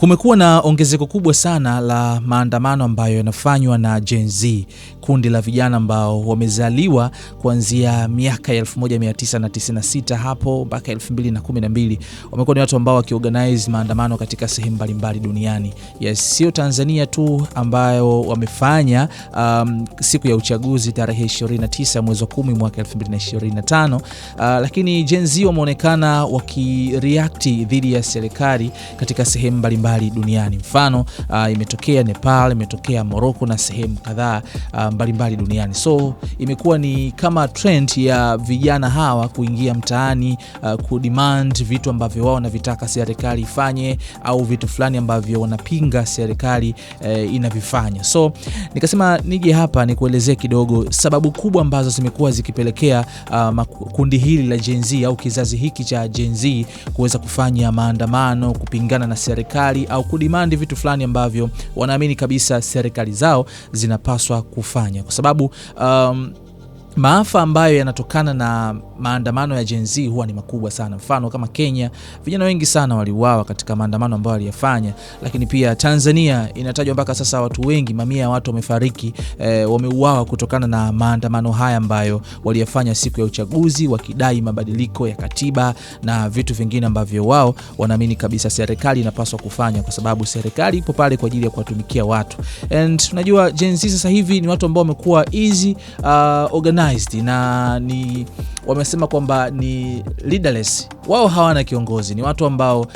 Kumekuwa na ongezeko kubwa sana la maandamano ambayo yanafanywa na Gen Z kundi la vijana ambao wamezaliwa kuanzia miaka ya 1996 hapo mpaka 2012. Wamekuwa ni watu ambao wakiorganize maandamano katika sehemu mbalimbali duniani, yes, sio Tanzania tu ambayo wamefanya um, siku ya uchaguzi tarehe 29 mwezi wa 10 mwaka 2025. Uh, lakini Gen Z wameonekana wakireact dhidi ya serikali katika sehemu mbalimbali duniani. Mfano uh, imetokea Nepal, imetokea Morocco na sehemu kadhaa um, mbalimbali duniani. So imekuwa ni kama trend ya vijana hawa kuingia mtaani uh, kudemand vitu ambavyo wao wanavitaka serikali ifanye au vitu fulani ambavyo wanapinga serikali uh, eh, inavifanya. So nikasema nije hapa nikuelezee kidogo sababu kubwa ambazo zimekuwa zikipelekea uh, kundi hili la Gen Z au kizazi hiki cha Gen Z kuweza kufanya maandamano kupingana na serikali au kudemand vitu fulani ambavyo wanaamini kabisa serikali zao zinapaswa kufanya kufanya kwa sababu um, maafa ambayo yanatokana na maandamano ya Gen Z huwa ni makubwa sana. Mfano kama Kenya, vijana wengi sana waliuawa katika maandamano ambayo waliyafanya, lakini pia Tanzania inatajwa mpaka sasa watu wengi, mamia ya watu wamefariki, e, wameuawa kutokana na maandamano haya ambayo waliyafanya siku ya uchaguzi, wakidai mabadiliko ya katiba na vitu vingine ambavyo wao wanaamini kabisa serikali inapaswa kufanya, kwa sababu serikali ipo pale kwa ajili ya kuwatumikia watu. And unajua Gen Z sasa hivi ni watu ambao wamekuwa easy uh, organized na ni wamesema kwamba ni leaderless. Wao hawana kiongozi, ni watu ambao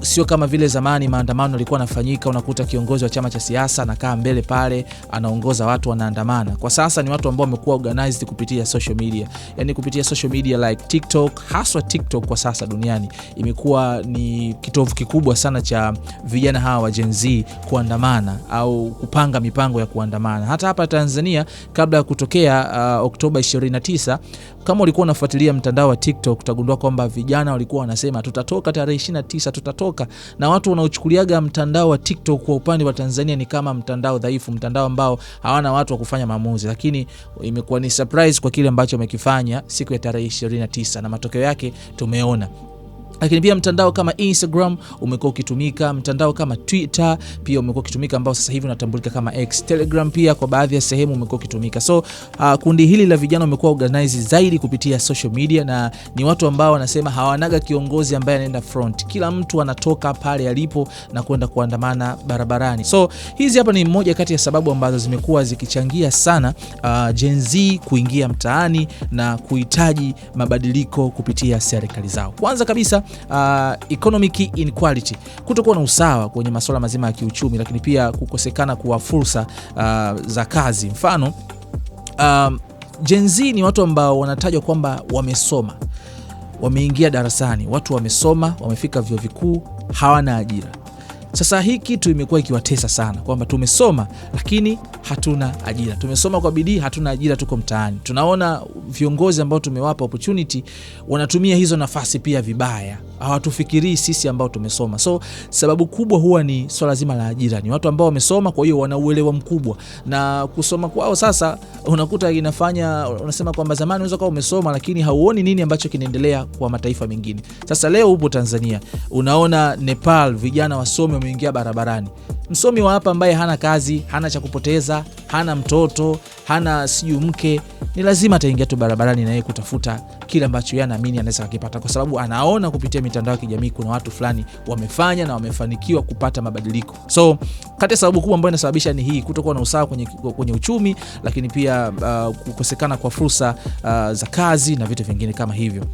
sio kama vile zamani maandamano yalikuwa yanafanyika, unakuta kiongozi wa chama cha siasa anakaa mbele pale, anaongoza watu wanaandamana. Kwa sasa ni watu ambao wamekuwa organized kupitia social media, yani kupitia social media like TikTok, haswa TikTok kwa sasa duniani imekuwa ni kitovu kikubwa sana cha vijana hawa wa Gen Z kuandamana au kupanga mipango ya kuandamana. Hata hapa Tanzania kabla ya kutokea uh, Oktoba 29 kama ulikuwa unafuatilia mtandao wa TikTok utagundua kwamba vijana walikuwa wanasema tutatoka tarehe 29, tutatoka. Na watu wanaochukuliaga mtandao wa TikTok kwa upande wa Tanzania ni kama mtandao dhaifu, mtandao ambao hawana watu wa kufanya maamuzi, lakini imekuwa ni surprise kwa kile ambacho wamekifanya siku ya tarehe 29 na matokeo yake tumeona lakini pia mtandao kama Instagram umekuwa ukitumika, mtandao kama Twitter pia umekuwa ukitumika, ambao sasa hivi unatambulika kama X. Telegram pia kwa baadhi ya sehemu umekuwa ukitumika. So uh, kundi hili la vijana umekuwa organize zaidi kupitia social media, na ni watu ambao wanasema hawanaga kiongozi ambaye anaenda front, kila mtu anatoka pale alipo na kwenda kuandamana barabarani. So hizi hapa ni moja kati ya sababu ambazo zimekuwa zikichangia sana uh, Gen Z kuingia mtaani na kuhitaji mabadiliko kupitia serikali zao. Kwanza kabisa uh, economic inequality, kutokuwa na usawa kwenye masuala mazima ya kiuchumi, lakini pia kukosekana kwa fursa uh, za kazi. Mfano um, Gen Z ni watu ambao wanatajwa kwamba wamesoma, wameingia darasani, watu wamesoma, wamefika vyuo vikuu, hawana ajira sasa hii kitu imekuwa ikiwatesa sana, kwamba tumesoma lakini hatuna ajira, tumesoma kwa bidii, hatuna ajira, tuko mtaani. Tunaona viongozi ambao tumewapa opportunity wanatumia hizo nafasi pia vibaya, hawatufikirii sisi ambao tumesoma. So sababu kubwa huwa ni swala zima la ajira, ni watu ambao wamesoma, kwa hiyo wana uelewa mkubwa, na kusoma kwao sasa unakuta inafanya unasema kwamba zamani unaweza kuwa umesoma lakini hauoni nini ambacho kinaendelea kwa mataifa mengine. Sasa leo upo Tanzania, unaona Nepal vijana wasome umeingia barabarani. Msomi wa hapa ambaye hana kazi, hana cha kupoteza, hana mtoto, hana sijui mke, ni lazima ataingia tu barabarani na yeye kutafuta kile ambacho yeye anaamini anaweza kukipata, kwa sababu anaona kupitia mitandao ya kijamii kuna watu fulani wamefanya na wamefanikiwa kupata mabadiliko. So kati ya sababu kubwa ambayo inasababisha ni hii, kutokuwa na usawa kwenye, kwenye uchumi, lakini pia uh, kukosekana kwa fursa uh, za kazi na vitu vingine kama hivyo.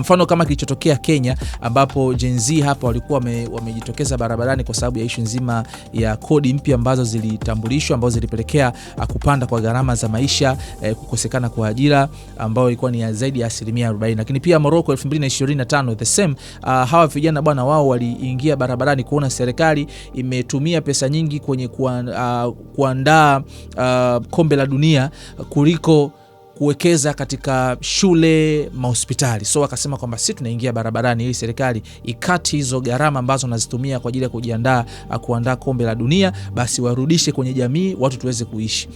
Mfano kama kilichotokea Kenya ambapo Gen Z hapa walikuwa wamejitokeza wame barabarani kwa sababu ya ishu nzima ya kodi mpya ambazo zilitambulishwa ambazo zilipelekea ah, kupanda kwa gharama za maisha eh, kukosekana kwa ajira ambayo ilikuwa ni zaidi ya asilimia 40. Lakini pia Morocco 2025 the same, uh, hawa vijana bwana wao waliingia barabarani kuona serikali imetumia pesa nyingi kwenye ah, kuandaa uh, uh, kombe la dunia kuliko kuwekeza katika shule, mahospitali. So wakasema kwamba si tunaingia barabarani ili serikali ikati hizo gharama ambazo wanazitumia kwa ajili ya kujiandaa ah, kuandaa kombe la dunia, basi warudishe kwenye jamii, watu tuweze kuishi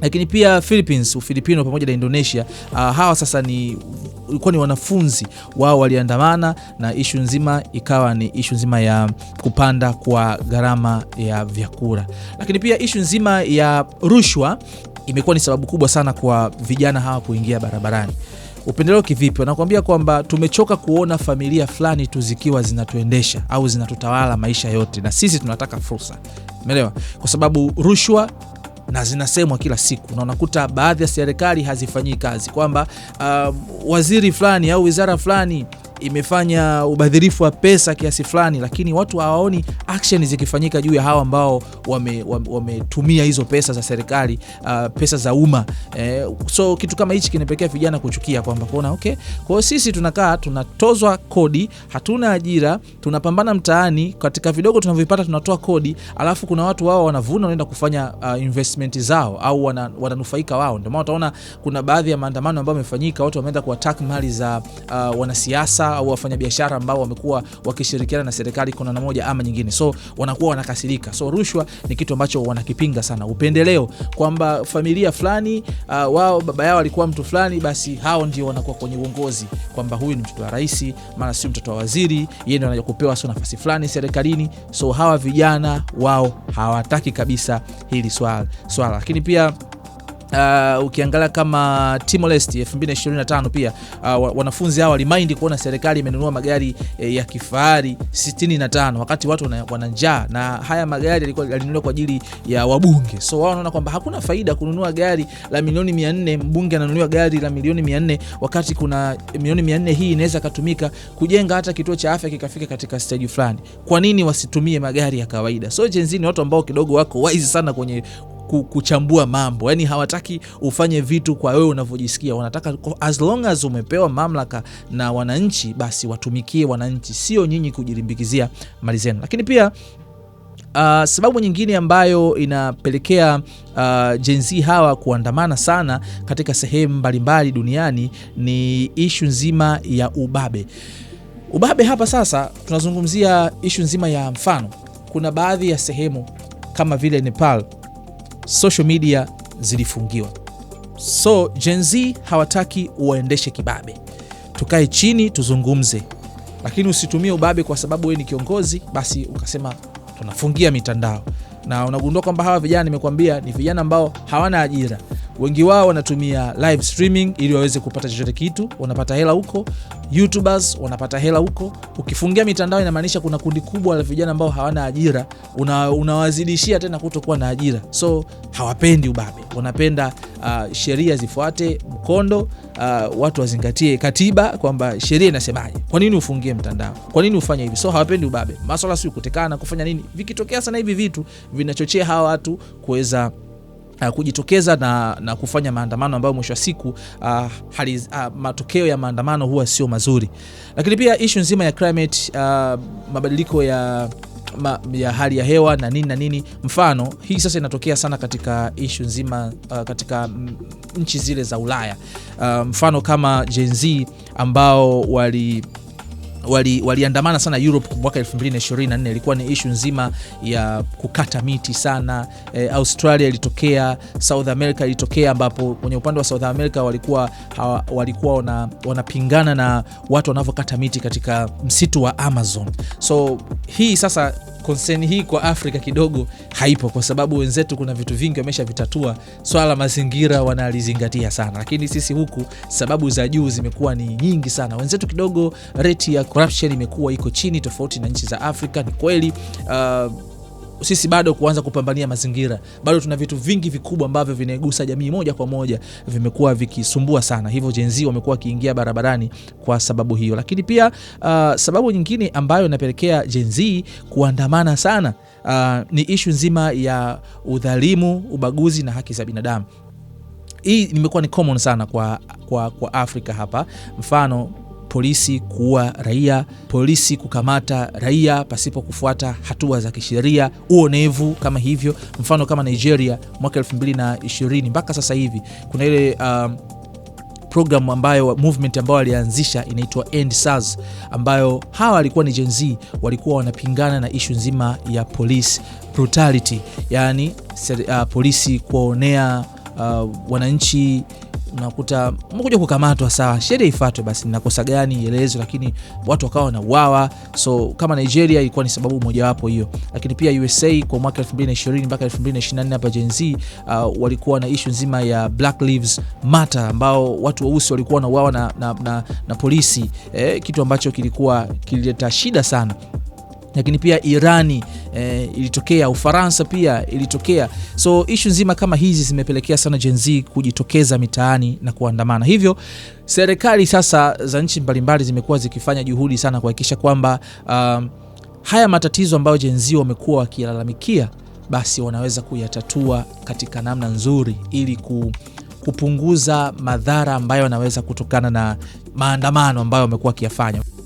lakini pia Philippines, Ufilipino pamoja na Indonesia. Uh, hawa sasa ni ilikuwa ni wanafunzi wao waliandamana, na ishu nzima ikawa ni ishu nzima ya kupanda kwa gharama ya vyakula, lakini pia ishu nzima ya rushwa imekuwa ni sababu kubwa sana kwa vijana hawa kuingia barabarani. Upendeleo kivipi? Wanakuambia kwamba tumechoka kuona familia fulani tu zikiwa zinatuendesha au zinatutawala maisha yote, na sisi tunataka fursa, umeelewa? Kwa sababu rushwa na zinasemwa kila siku, na unakuta baadhi ya serikali hazifanyii kazi, kwamba uh, waziri fulani au wizara fulani imefanya ubadhirifu wa pesa kiasi fulani, lakini watu hawaoni action zikifanyika juu ya hawa ambao wametumia wame, hizo pesa za serikali uh, pesa za umma eh, so kitu kama hichi kinapelekea vijana kuchukia kwamba kuona okay, kwa sisi tunakaa tunatozwa kodi, hatuna ajira, tunapambana mtaani katika vidogo tunavyopata tunatoa kodi, alafu kuna watu wao wanavuna wanaenda kufanya uh, investment zao au wana, wananufaika wao. Ndio maana utaona kuna baadhi ya maandamano ambayo yamefanyika, watu wameenda kuattack mali za uh, wanasiasa au wafanyabiashara ambao wamekuwa wakishirikiana na serikali kuna moja ama nyingine, so wanakuwa wanakasirika. So rushwa ni kitu ambacho wanakipinga sana. Upendeleo kwamba familia fulani, uh, wao baba yao alikuwa mtu fulani, basi hao ndio wanakuwa kwenye uongozi, kwamba huyu ni mtoto wa rais, mara si mtoto wa waziri, yeye ndio anayokupewa so nafasi fulani serikalini. So hawa vijana wao hawataki kabisa hili swala swala, lakini pia Uh, ukiangalia kama Timor Leste 2025 pia uh, wanafunzi hawa walimaindi kuona serikali imenunua magari eh, ya kifahari 65 wakati watu wana njaa, na haya magari yalikuwa yalinunuliwa kwa ajili ya wabunge. So wao wanaona kwamba hakuna faida kununua gari la milioni 400, mbunge ananunua gari la milioni 400, wakati kuna milioni 400 hii inaweza katumika kujenga hata kituo cha afya kikafika katika stage fulani. Kwa nini wasitumie magari ya kawaida? So jenzini watu ambao kidogo wako wise sana kwenye kuchambua mambo, yani hawataki ufanye vitu kwa wewe unavyojisikia. Wanataka as long as umepewa mamlaka na wananchi, basi watumikie wananchi, sio nyinyi kujilimbikizia mali zenu. Lakini pia Uh, sababu nyingine ambayo inapelekea uh, Gen Z hawa kuandamana sana katika sehemu mbalimbali duniani ni ishu nzima ya ubabe. Ubabe hapa sasa tunazungumzia ishu nzima ya mfano, kuna baadhi ya sehemu kama vile Nepal social media zilifungiwa. So Gen Z hawataki uwaendeshe kibabe, tukae chini tuzungumze, lakini usitumie ubabe kwa sababu wee ni kiongozi, basi ukasema tunafungia mitandao. Na unagundua kwamba hawa vijana nimekuambia, ni vijana ambao hawana ajira, Wengi wao wanatumia live streaming ili waweze kupata chochote kitu, wanapata hela huko. YouTubers wanapata hela huko. Ukifungia mitandao, inamaanisha kuna kundi kubwa la vijana ambao hawana ajira, unawazidishia una tena kutokuwa na ajira. So hawapendi ubabe, wanapenda uh, sheria zifuate mkondo uh, watu wazingatie katiba kwamba sheria inasemaje. Kwa nini ufungie mtandao? Kwa nini ufanye hivi? So hawapendi ubabe, maswala si kutekana, kufanya nini. Vikitokea sana hivi vitu vinachochea hawa watu kuweza uh, kujitokeza na, na kufanya maandamano ambayo mwisho wa siku uh, hali, uh, matokeo ya maandamano huwa sio mazuri. Lakini pia ishu nzima ya climate, uh, mabadiliko ya Ma, ya hali ya hewa na nini na nini. Mfano hii sasa inatokea sana katika ishu nzima uh, katika nchi zile za Ulaya uh, mfano kama Gen Z ambao wali waliandamana wali sana Europe mwaka 2024, ilikuwa ni ishu nzima ya kukata miti sana. E, Australia ilitokea, South America ilitokea, ambapo kwenye upande wa South America walikuwa hawa, walikuwa ona, wanapingana na watu wanavyokata miti katika msitu wa Amazon. So hii sasa konseni hii kwa Afrika kidogo haipo, kwa sababu wenzetu kuna vitu vingi wameshavitatua. Swala la mazingira wanalizingatia sana, lakini sisi huku sababu za juu zimekuwa ni nyingi sana. Wenzetu kidogo rate ya corruption imekuwa iko chini, tofauti na nchi za Afrika. Ni kweli uh, sisi bado kuanza kupambania mazingira, bado tuna vitu vingi vikubwa ambavyo vinaigusa jamii moja kwa moja, vimekuwa vikisumbua sana, hivyo Gen Z wamekuwa wakiingia barabarani kwa sababu hiyo. Lakini pia uh, sababu nyingine ambayo inapelekea Gen Z kuandamana sana uh, ni ishu nzima ya udhalimu, ubaguzi na haki za binadamu. Hii imekuwa ni common sana kwa, kwa, kwa Afrika hapa mfano polisi kuua raia, polisi kukamata raia pasipo kufuata hatua za kisheria, uonevu kama hivyo. Mfano kama Nigeria mwaka 2020 mpaka sasa hivi kuna ile um, programu ambayo movement ambayo alianzisha inaitwa End SARS, ambayo hawa walikuwa ni Gen Z, walikuwa wanapingana na ishu nzima ya police brutality, yani uh, polisi kuwaonea uh, wananchi unakuta mkuja kukamatwa, sawa, sheria ifatwe basi nakosa gani ielezwe, lakini watu wakawa uwawa So kama Nigeria ilikuwa ni sababu mojawapo hiyo, lakini pia USA kwa mwaka 2020 mpaka 2024 hapa Gen Z uh, walikuwa na issue nzima ya Black Lives Matter, ambao watu weusi walikuwa wanauawa na, na, na, na polisi eh, kitu ambacho kilikuwa kilileta shida sana lakini pia Irani eh, ilitokea, Ufaransa pia ilitokea. So ishu nzima kama hizi zimepelekea sana Gen Z kujitokeza mitaani na kuandamana. Hivyo serikali sasa za nchi mbalimbali zimekuwa zikifanya juhudi sana kuhakikisha kwamba um, haya matatizo ambayo Gen Z wamekuwa wakilalamikia basi wanaweza kuyatatua katika namna nzuri ili ku kupunguza madhara ambayo yanaweza kutokana na maandamano ambayo wamekuwa wakiyafanya.